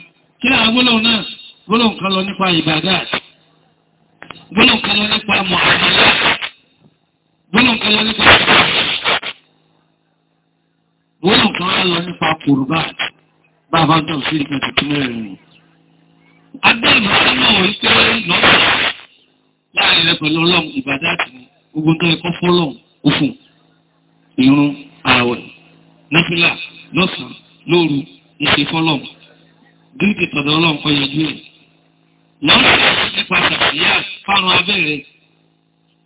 S2: kí àwọn gbólóhùn náà gbólóhùn kan lọ nípa ìbàdà gbólóhùn kan lọ
S1: nípa mọ̀àdìlá gbólóhùn kan
S2: lọ nípa gbólóhùn kan lọ nípa kùrùbáàtì bàbá dùn sí ìpín tuntun mẹ́rin.
S1: Agbẹ́rù sínú ìpé lọ́wọ́ láàrin
S2: rẹ̀ pẹ̀lú ọlọ́run ìbàdá àti gbogbo tó ẹkọ́ fọ́lọ́run òfun ìrun ààwẹ̀ náfìlà lọ́sàn-án lóru ìṣe fọ́lọ́run dínkì tọ̀dọ̀ ọlọ́run kọ́ yẹjú ẹ̀. lọ́sàn nípa sàkíyà fárun abẹ́rẹ́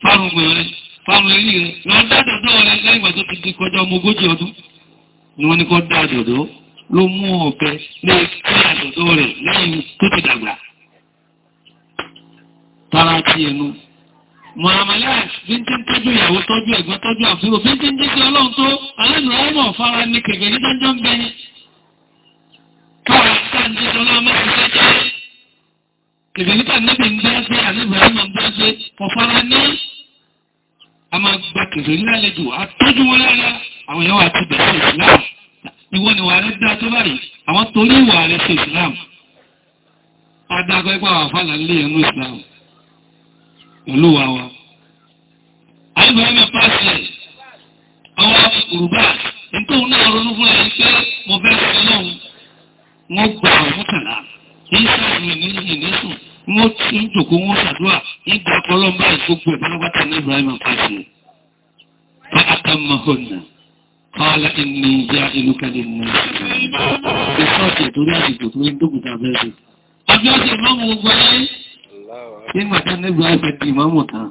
S2: fárun mẹ́rẹ́ fárun eré rẹ̀ lọ́dọ̀ dọ̀dọ̀ rẹ̀ lẹ́yìn ìgbà tó ti di kọjá ọmọ ogójì ọdún ni wọ́n ní kọ́ dá dọ̀dọ̀ ló mú ọ̀bẹ lé kíyàdọ̀dọ̀ rẹ̀ lẹ́yìn tó ti dàgbà tara ti ẹnu mọ̀hàmàlá bí tí ń tọ́jú ìyàwó tọ́jú ẹ̀gbọ́n tọ́jú àfúrò bí tí ń tọ́jú ọlọ́run tó
S1: alẹ́nà ọmọ fara ní kẹ̀kẹ́ ní tọ́jọ́ ń bẹni káwọn sáàndé ọlọ́mọ ìṣẹ́jẹ́ kẹ̀kẹ́ nípa níbi ń bẹ́ẹ́ sí àníbẹ̀ ọmọ ń bẹ́ẹ́ sí ọ̀fara ní a máa gba kẹ̀kẹ́ nílẹ̀ jù àtọ́jú wọn lára àwọn
S2: ìyàwó àti bẹ̀rẹ̀ ìsìláàmù ìwọ ni wà rẹ̀ dá tó báyìí àwọn torí ìwà rẹ̀ sí islam adágbẹ́gbà wà fàlà lè ẹnu islam
S1: olúwa wa ayébẹ̀rẹ̀ pàṣẹ ọwọ́ òrùbá nítorí náà ronú fún ẹ̀yí pé mo bẹ́ sí lọ́hun wọ́n gbà ọ̀mọ́kànlá
S2: kìí sáàmì ní ìnísùn wọ́n ti ń jòkó wọ́n ṣàdúrà nígbà ọlọ́mbà ìgbógbò ẹ̀bọ́n Kọ́lá inú ìyá ìlú kẹlẹ̀ mú. Ìṣọ́ọ̀tẹ̀ torí àdìgbò tó ń dókùtà bẹ́ẹ̀. Ọjọ́ ọjọ́ máa mú gbọ́
S1: láyé. Nígbà tán nígbà
S2: ọ̀fẹ́ di ìmọ́mù tán.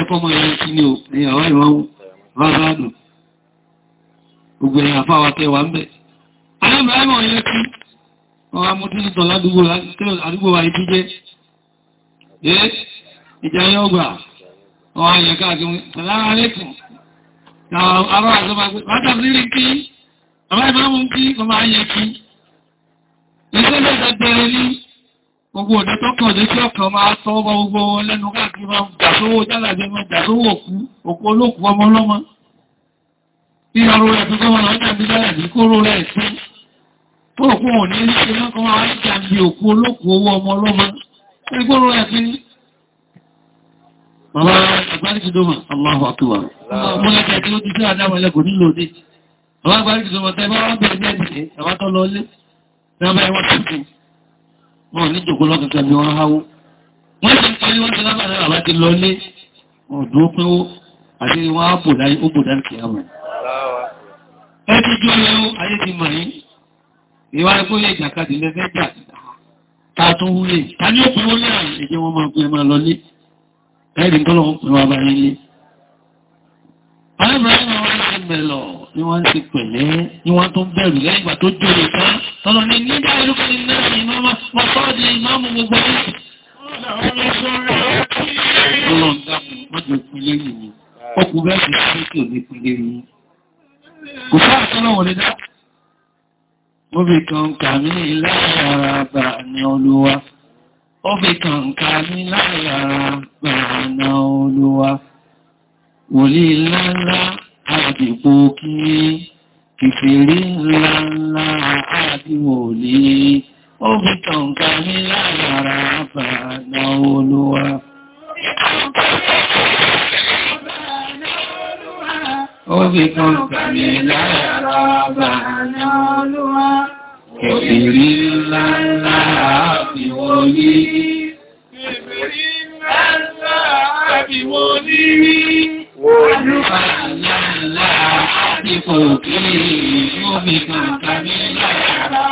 S1: Ọ̀pọ̀ mọ̀ ẹ̀rọ kí
S2: ni ò ní àwọn ìmọ́mù rábádù. Gbogbo ẹ̀yà fáwà tẹ́ wà ń bẹ̀.
S1: Àyẹ̀mọ̀ ẹ̀mọ̀ ẹ̀rọ kí
S2: ọwà mú tí nìtọ̀ ládùúgbò wa ìbí jẹ́. Ẹ́ ìjà yọ́gbà. Ọwà yẹ̀ káàkiri. Sàlámù aláìkùm. Àwọn àgbàgbà látàrí rí kí, àwọn ìmáàmù kí, ọmọ ayẹ kí.
S1: Iṣẹ́ lè gbẹ̀rẹ̀ ní
S2: gbogbo òdé tọ́kàn òdé tí ọkàn máa tọ́ ọmọ gbogbo wọn lẹ́nu káàkiri máa ń dàsówó jálàjẹ́ máa dàsówó òkú, òkú olókù ọmọ ọlọ́mọ.
S1: Ìyàrò ẹ̀ tó gọ́mọ̀ lọ́jà bí jálàjẹ́ kóró rẹ̀
S2: sí. Fóòkú òní ṣe mọ́kànlá wáyé jàmbí òkú olókù owó ọmọ ọlọ́mọ. Ẹgbóró ẹ̀ fi Bàbá àgbáríkì tó mọ̀, Allahu Akbar. Mọ́ láti àti ó ti sí àdáwọn ẹlẹ́kùn nílò dé. Bàbá àgbáríkì tó mọ̀ tẹ́ bá wọ́n bẹ̀rẹ̀ jẹ́ ẹ̀wà tó lọ lé. Bàbá ẹwọ́n tó kú. Wọ́n ní jòkó lọ́kẹ̀kẹ́ bí wọ́n háwó.
S1: Wọ́n ti ń kọrí wọ́n ti lábàá náà láti
S2: lọ lé. Wọ́n dúró pé ó àti wọ́n á bò láyé ó bò dá kìí àmọ̀. Ẹ ti jó ẹ̀rì tó lọ́wọ́ pẹ̀lú ọba ilé. Arábìnrin wọn wọ́n ti ni wọ́n ti pẹ̀lẹ́ ni wọ́n tó bẹ̀rù lẹ́yìn ìgbà tó jòrè tán
S1: tọ́lọ ní nígbà irúkẹ́ ní náà ní máa mọ́ sọ́ọ̀dì ìmáàmù gbogbo ẹ̀sìn. Ọlọ́run
S2: dáhùn mọ́jọ ìpínlẹ̀ yìí ni. Ọkùn bẹ́ẹ̀ sì sí tò ní ìpínlẹ̀ yìí. Kò sáà tọ́lọ̀ wọlé dá. Mo bì kan kà mí ìlànà ara àbà ni olúwa ó fi kànkà ní láyàrá pẹ̀lú olúwa wòlíì ńláńlá àdìgbò kí kìfèrí ńláńlá àti wòlíì ó fi kànkà ní láyàrá pẹ̀lú olúwa
S1: ó fi kànkà ní láyàrá pẹ̀lú olúwa Kèfèrí ńlá ńlá àbíwò ní. Kèfèrí ńlá ńlá àbíwò ní rí. Olúwa ńlá ńlá àbíkò kí omi kàkà ní lára.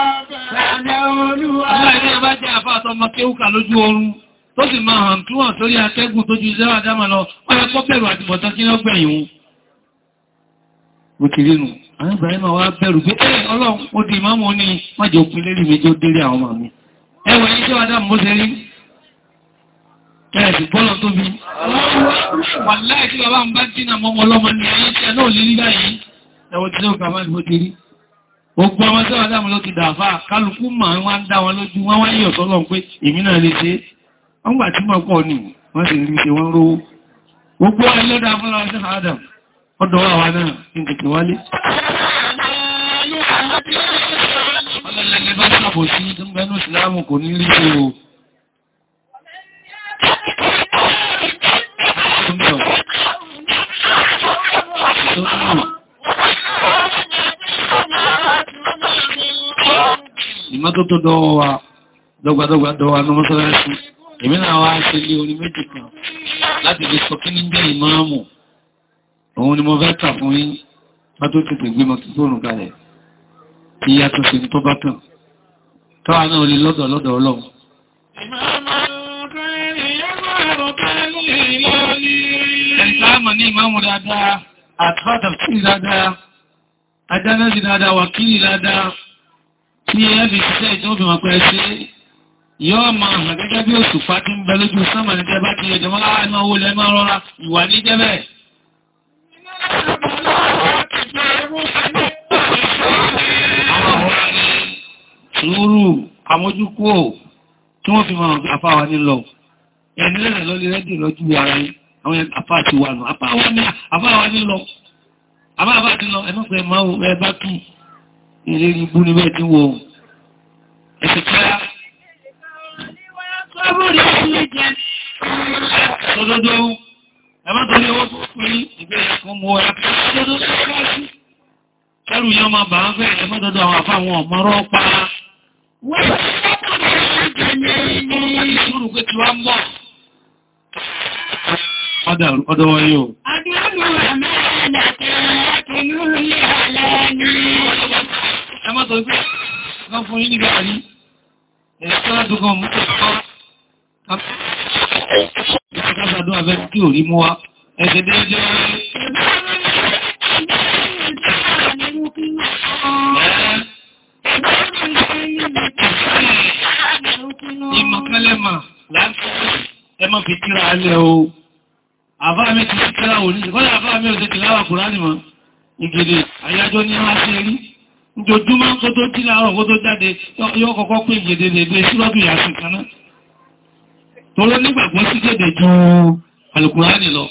S2: tó sì máa hàn kí wọ́n sórí atẹ́gùn tó ju zẹ́wà dámà lọ, wọ́n kọ́ bẹ̀rù àtìbọ̀tán kí lọ́gbẹ̀yìn wọn. Mo ti nù àwọn ìbàrẹ́mà wá bẹ̀rù pé ẹ́ eh, ọlọ́run ó di ìmáàmù ní májò òpin lérí méjì ó délé àwọn màmí ẹwà iṣẹ́ wádá mú ṣe rí ẹ̀ẹ̀sì bọ́lọ̀ tó bí wà láì tí bàbá ń bá dínà mọ́mọ́ ọlọ́mọ ní ayé tí a náà lè rí báyìí ẹwọ tí ó kàfà ní ó ti rí ogun ọmọ tí wádá mú ló ti dàfà kálukú mà ń wá ń dá wọn lójú wọ́n wá yọ̀ ọdọ̀ wà wà náà ní kìkì wálé.
S1: Ọlọ́lẹ́lẹ́ bá sàbò sí
S2: ẹnu ìsìláàmù kò o. Ìmọ́tótó wa ní mọ́sánásí, èmi náà wá ṣe lé orí méjì kan láti lè sọ kí ní jẹ́ ìmáàmù òun ni mo fẹ́ tà fún yín wọ́n tó tètè gbé mọ́ fóònù kalẹ̀ kí ya tó ṣe tó bá tàn tọ́wà náà lè lọ́dọ̀ lọ́dọ̀ ọlọ́run yọ́ ma àgẹ́gẹ́ bí òṣùpá tí ń bẹ lójú sánmà ní jẹ bá ti ẹjọ́ mọ́ láàrín owó lẹ́mọ́ rọra, ìwà ní jẹ́ bẹ́ẹ̀. Sùúrù àmójúkú ò tí wọ́n fi máa àfá wa ní lọ. Ẹni lẹ́rẹ̀ lọ́lé rẹ́dì lọ́jú ara yìí, àwọn àfá ti wà nù. Àfá wa ní lọ. Àfá àfá ti lọ, ẹmọ́ pẹ̀ máa ẹ bá kí ilé ibú ẹ̀mọ́tọ́lé owó tó pín ìgbésẹ̀ kan mú ẹ̀ lọ́dọ́ sọ́kọ́sí kẹrù yọ máa bàá fẹ́ ẹ̀mọ́tọ́dọ́ àwọn àfáwọn ọmọrọ́ pa wọ́n Ọdọ̀ wọn yóò.
S1: Ẹmọ́tọ̀ ìgbé kan fún yí ní gàárí,
S2: ẹ̀ẹ́sọ́lá dùgbọ́n mú kẹ́kọ́, Ìjọba abẹ́ tí ò rí mú wá, ẹ̀ṣẹ̀ déédé
S1: Ìmọ̀kálẹ́mà láti
S2: ẹmọ́ fi tíra alẹ́ o. Àbá mi ti tíra ò ní ṣùgbọ́n àbá mi ò tẹ́kì láwà kùrá nìmọ̀. Ìgèdè àyájọ́ ní wá sí rí. Ìjọjúmọ́ kó tó tíra ọ̀ kó tó jáde yóò kọ́kọ́ pé ìgèdè lè gbé sílọ́dù yàtì kanáà tọ́lọ́ nígbàgbọ́ sí gẹ̀dẹ̀ ju alùkùránì lọ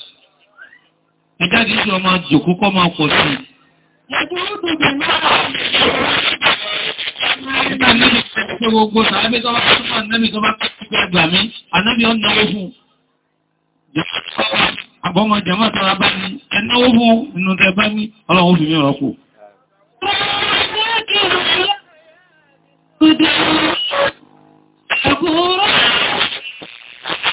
S2: ẹjáde sí ọmọ àjòkó kọ́ máa pọ̀ sí Àbọ́mọ jẹmọ́ tọ́ra bá ní ẹnáwó fún inú tẹ bá ní ọlọ́run fi mí rọ́pò.
S1: Ọ̀rọ̀ ọ̀rọ̀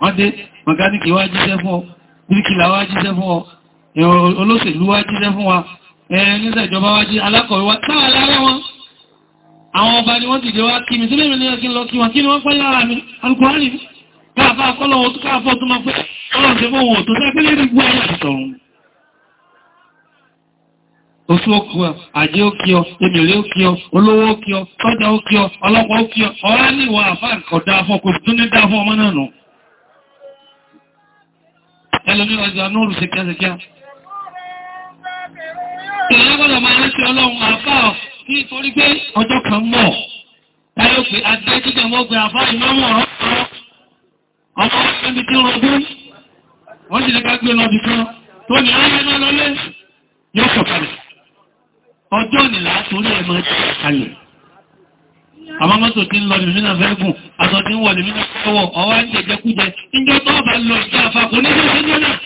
S2: wọ́n dé mọ̀gáníkì wá jíṣẹ́ fún ọ bíríkìlà wá jíṣẹ́ fún ọ olóṣèlú wá jíṣẹ́ fún wa ẹ̀rẹ́ níṣẹ̀jọba wá jí alákọ̀wé wá táwà lára wọn àwọn ọba ni wọ́n ti jẹ́ wá kí mi sílẹ̀ ìrìnlẹ̀ kí lọ kí wọn kí ni wọ́n pẹ́ lára mi alukùránì káàfà kọ́lọ̀wọ́ tó káàfọ́ tó máa pẹ́ ọlọ́run ṣe fún òun tó sápẹ́lẹ́ rí gbọ́ ẹlòmí ọjọ́ nóòrù sí kíáṣekíá
S1: ìyẹn gbọ́dọ̀ máa rántí ọlọ́run
S2: àfáà kí nítorí pé ọjọ́ kan mọ̀ táyọ̀ pé adé jíjẹ̀ mọ́ gbé àfáà
S1: ìmọ̀mọ̀ ọmọ ẹni tí wọ́n gbé wọ́n sì lè ká gbé lọ́dún kan tó ní ayé náà lọ́lé yóò sọ̀kalẹ̀ ọjọ́
S2: nìlá torí ẹ̀ máa kalẹ̀ àmọ́ mọ́tò tí ń lọ lèmi náà fẹ́ gùn aṣọ tí ń wọ̀ lèmi náà fẹ́ wọ̀ ọwá ń jẹjẹ kújẹ ìjọ tó bá lọ ìjọ àfàkùn ní ṣe ṣe náà.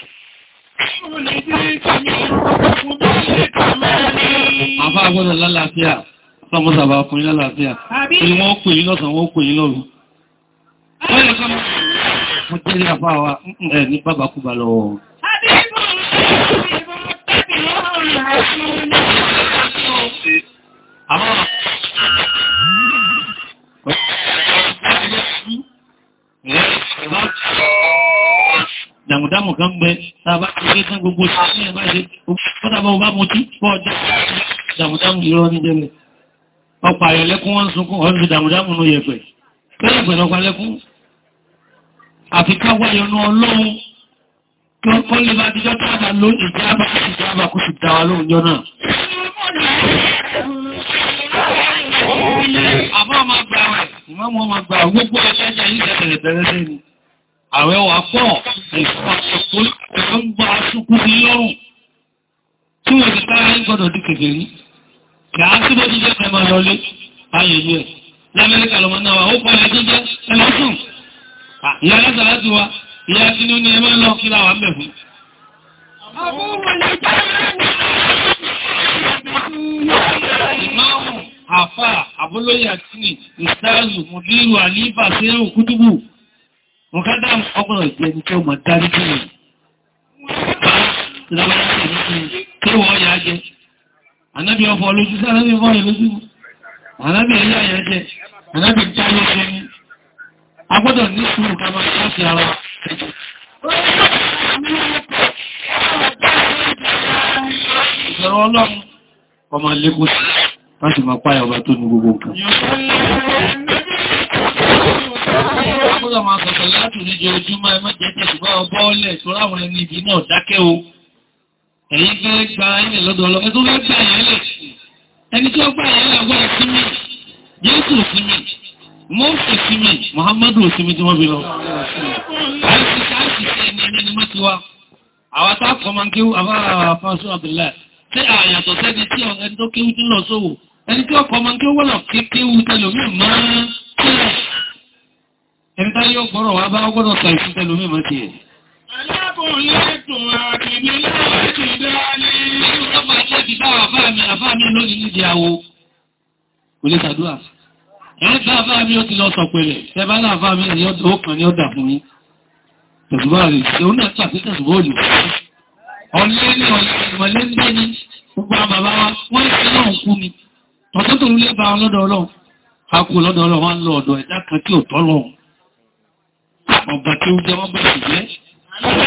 S2: àfa àgbọ̀dọ̀ lálàáfíà sọmọ sàbà fún yín lálàáfíà ni wọ́n pè yín lọ́sàn wọ́n pè yín lọ́rùn. wọ́n yẹ kọ́mọ mo jẹ́rìí àfa wa ẹ̀ ní bàbákúbà lọ́wọ́. àwọn ìsìláàmù kan gbẹ tàbá ti gbé tán gbogbo ṣe ẹ̀bá ṣe pọ́tàbá ọba mú tí pọ́ ọjọ́ dàmùdàmù ìrọ́ ní jẹ́lẹ̀ ọpa àyẹ̀lẹ́kún wọ́n sunkún ọdún dàmùdàmù ní yẹ̀pẹ̀ pẹ́lẹ̀ pẹ̀lú ọpa lẹ́kún àfi káwáyọ̀ ní ọlọ́run kí wọ́n kọ́lé
S1: bá ti jọ́ta àbá ló ìjábá ìjábá kó
S2: sì àwẹ́ wà pọ̀ ìfàṣọ̀kú ń bá aṣúkú sí lọ́rùn tí wọ́n ti tára ń gbọ́dọ̀ dí kèfèrí kìá sí bó ti jẹ́ ẹmọ lọlé ayèlú ẹ̀ lamẹ́ríkà lọmọ náà wà ó pàdé jíjẹ́ ẹlọ́sùn ìyá lásà láti wa ìyá kí ní ó ní ẹmọ́ lọ kí láwà mẹ́fù Ìmáàmù, àfà, àbúlóyè àti ìsáàlù, mùdírù, àlífà, sẹ́rù, kútùbù, Mùkádàm ọgbọ̀nà jẹ́ ní tí ó mọ̀ dárí jù rẹ̀. Ìjọba láti ní kí kí wọ́n yá jẹ́. Ànábì ọfọ̀ lójú sí ànábì ọfọ̀ rẹ̀ lójú. Ànábì ẹ̀yà yá jẹ́. Ànábì já ló ṣe ní. A gbọ́dọ̀ ní sùúrù ká máa láti ara. Ìjọba ọlọ́run ọmọ lékún sí láti máa páyà ọba tó ní gbogbo nǹkan múlò máa sọ̀tọ̀ látù ní ojoojúmọ́ ẹmọ́ jẹ́jẹ́ ṣùgbọ́n ọgbọ́ ọlẹ̀ tó ráwọn ẹni ìbí náà dákẹ́ o ẹ̀yìn fẹ́ gba ilẹ̀ lọ́dọ̀ ọlọ́ ẹ̀tọ́ fẹ́ gbà yẹn lẹ̀ ẹni tó gbà yẹn lẹ̀ wọ́n sími Jésù sími Mósè sími Muhammadu sími tí wọ́n fi lọ.
S1: àìsí káàsì sí ẹni ẹni ni mọ́tò wa
S2: àwọn atákọ̀ máa ń kéwú afárá àfáàṣọ àbẹ̀lẹ̀ ṣé àyàtọ̀ sẹ́ni tí ẹni tó kéwú ti lọ sówò ẹni tí ọkọ̀ máa ń ẹni tá yóò gbọ́rọ̀ wá bá gbọ́dọ̀ sọ ìfúnṣẹ́ lómi mọ́ ti ẹ̀.
S1: Ẹ̀ẹ́ta àfáà
S2: mi ó ti lọ sọ pẹ̀lẹ̀, ẹbá náà àfáà mi ni ó kàn ní ọ̀dà fún yín. Tẹ̀sùbá rẹ̀, òun náà tàbí tẹ̀sùbá òlù. Ọlé ní ọ̀lẹ́ ní ẹni, gbogbo àbàbá wa,
S1: wọ́n ń fi náà kú
S2: ni. Ọ̀tọ́ tó ń lé bá ọlọ́dọ̀ ọlọ́run, a kú lọ́dọ̀ ọlọ́run wá ń lọ ọ̀dọ̀ ẹ̀dá kan tí ò tọ́lọ́run ọba tí ó jẹ́ wọ́n bá sì jẹ́. Àwọn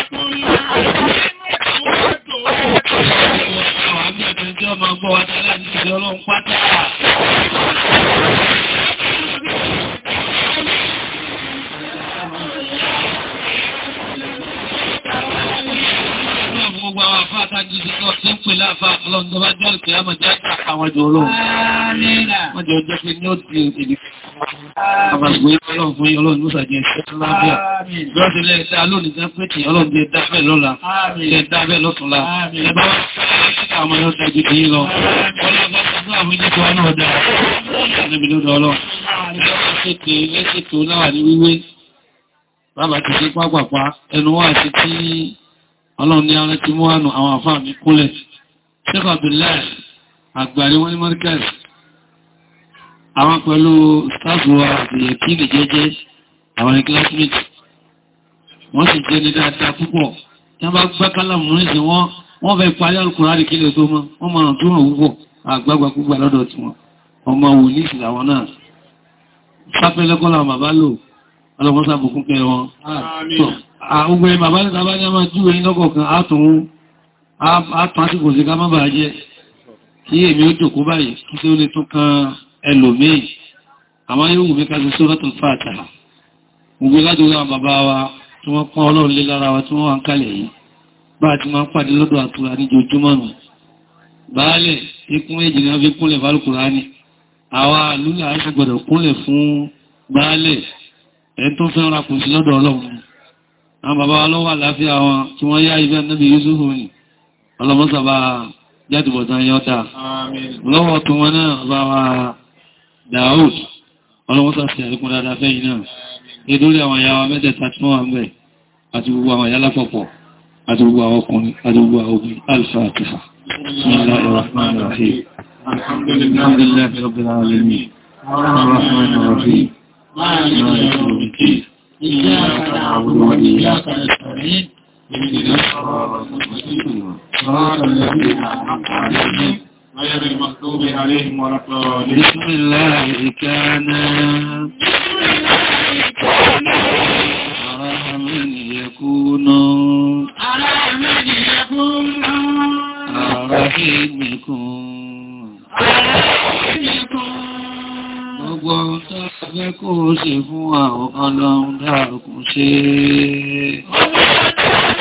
S1: àmì àtẹ̀jẹ́ ọmọ ọgbọ́ wa tẹ́lá ní ìjọ ọlọ́run pátá.
S2: Gbogbo àwọn àfáà tájú sí ọ̀sẹ̀ ń pè láàfáà lọ́nà tó bá jẹ́ ìpè àmọ̀já àwọn ìjọ ọlọ́run.
S1: Wọ́n jẹ́ ọjọ́
S2: pé ní ó ti èdè àbàgbé ọlọ́run fún ọlọ́run ló sàjẹ́ ìṣẹ́ lábíà. Bí wọ́n ti lẹ́ẹ̀dá lónìí jẹ́ pé tí ọlọ́run jẹ́ dábẹ̀ lọ́la, jẹ́ dábẹ̀ lọ́túnla. Ẹgbẹ́ wọ́n ti àwọn ẹ̀rọ tẹ́jú kìí lọ. Ọlọ́run ni ara ti mú àwọn àfáà mi kúnlẹ̀. Ṣé àgbàrí wọn ní Mọ́ríkẹ́sì àwọn pẹ̀lú staff wa ìyẹ̀ kí lè jẹ́jẹ́ àwọn classmates wọ́n sì jẹ́ ní dáadáa púpọ̀ tí wọ́n bá gbá kálàmù ní ìsìn wọ́n wọ́n fẹ́ parí alùkùnrin àrí kílẹ̀ tó mọ́ wọ́n máa tó ràn púpọ̀ àgbàgbà púpọ̀ lọ́dọ̀ tí wọ́n ọmọ wò ní ìsìn àwọn náà sápẹ́lẹ́kọ́lá bàbá lò ọlọ́mọ́sá bùkún kẹ wọn àwọn ẹ̀mà bá níta bá ní a máa jú ẹni lọ́kọ̀ọ̀kan átùnún átùn àti kò sí ká má bàá jẹ́ kí èmi ó jòkó báyìí kí tí ó lè ẹlòmíì àmọ́ yóò wù mí ká ṣe Suratul Fatiha gbogbo ládùúgbò àwọn bàbá wa tí wọ́n pọ́n ọlọ́run lé lára wa tí wọ́n wà ń kalẹ̀ yìí bá a ti máa ń pàdé lọ́dọ̀ àtúrà ní jojúmọ́ nù báálẹ̀ ikún méjì náà fi kúnlẹ̀ fálùkùrá ní àwa àlúlà á sì gbọ́dọ̀ kúnlẹ̀ fún báálẹ̀ ẹ̀ tó fẹ́ ra kù sí lọ́dọ̀ ọlọ́run àwọn bàbá wa lọ́wọ́ àláfíà wọn tí wọ́n yá ibẹ̀ níbi Yusufu ni ọlọ́mọ́sàbà jáde bọ̀dán yọ́ta lọ́wọ́ tó wọn náà bá wa Daoud ọlọ́wọ́ sàṣì àríkún dáadáa fẹ́yìn náà ní lórí àwọn ìyáwà mẹ́tẹ̀ẹ̀ta tí wọ́n wà mẹ́ àti gbogbo àwọn ìyálà pọ̀pọ̀ àti gbogbo àwọn ọkùnrin àti gbogbo àwọn obìnrin alfàtífà
S1: Alhamdulillahi rabbil alamin Ar-Rahman Ar-Rahim إياك نعبد وإياك نستعين إهدنا الصراط المستقيم صراط الذين أنعمت عليهم غير المكتوب عليهم
S2: ولا الضالين بسم الله كان بسم الله
S1: كان أرى
S2: من يكون أرى من يكون أرحيمكم أرحيمكم Gbogbo ohun tó ṣe kó ṣe fún àwọn ọlọ́run dáàkùn ṣe. Gbogbo
S1: ohun tó ṣe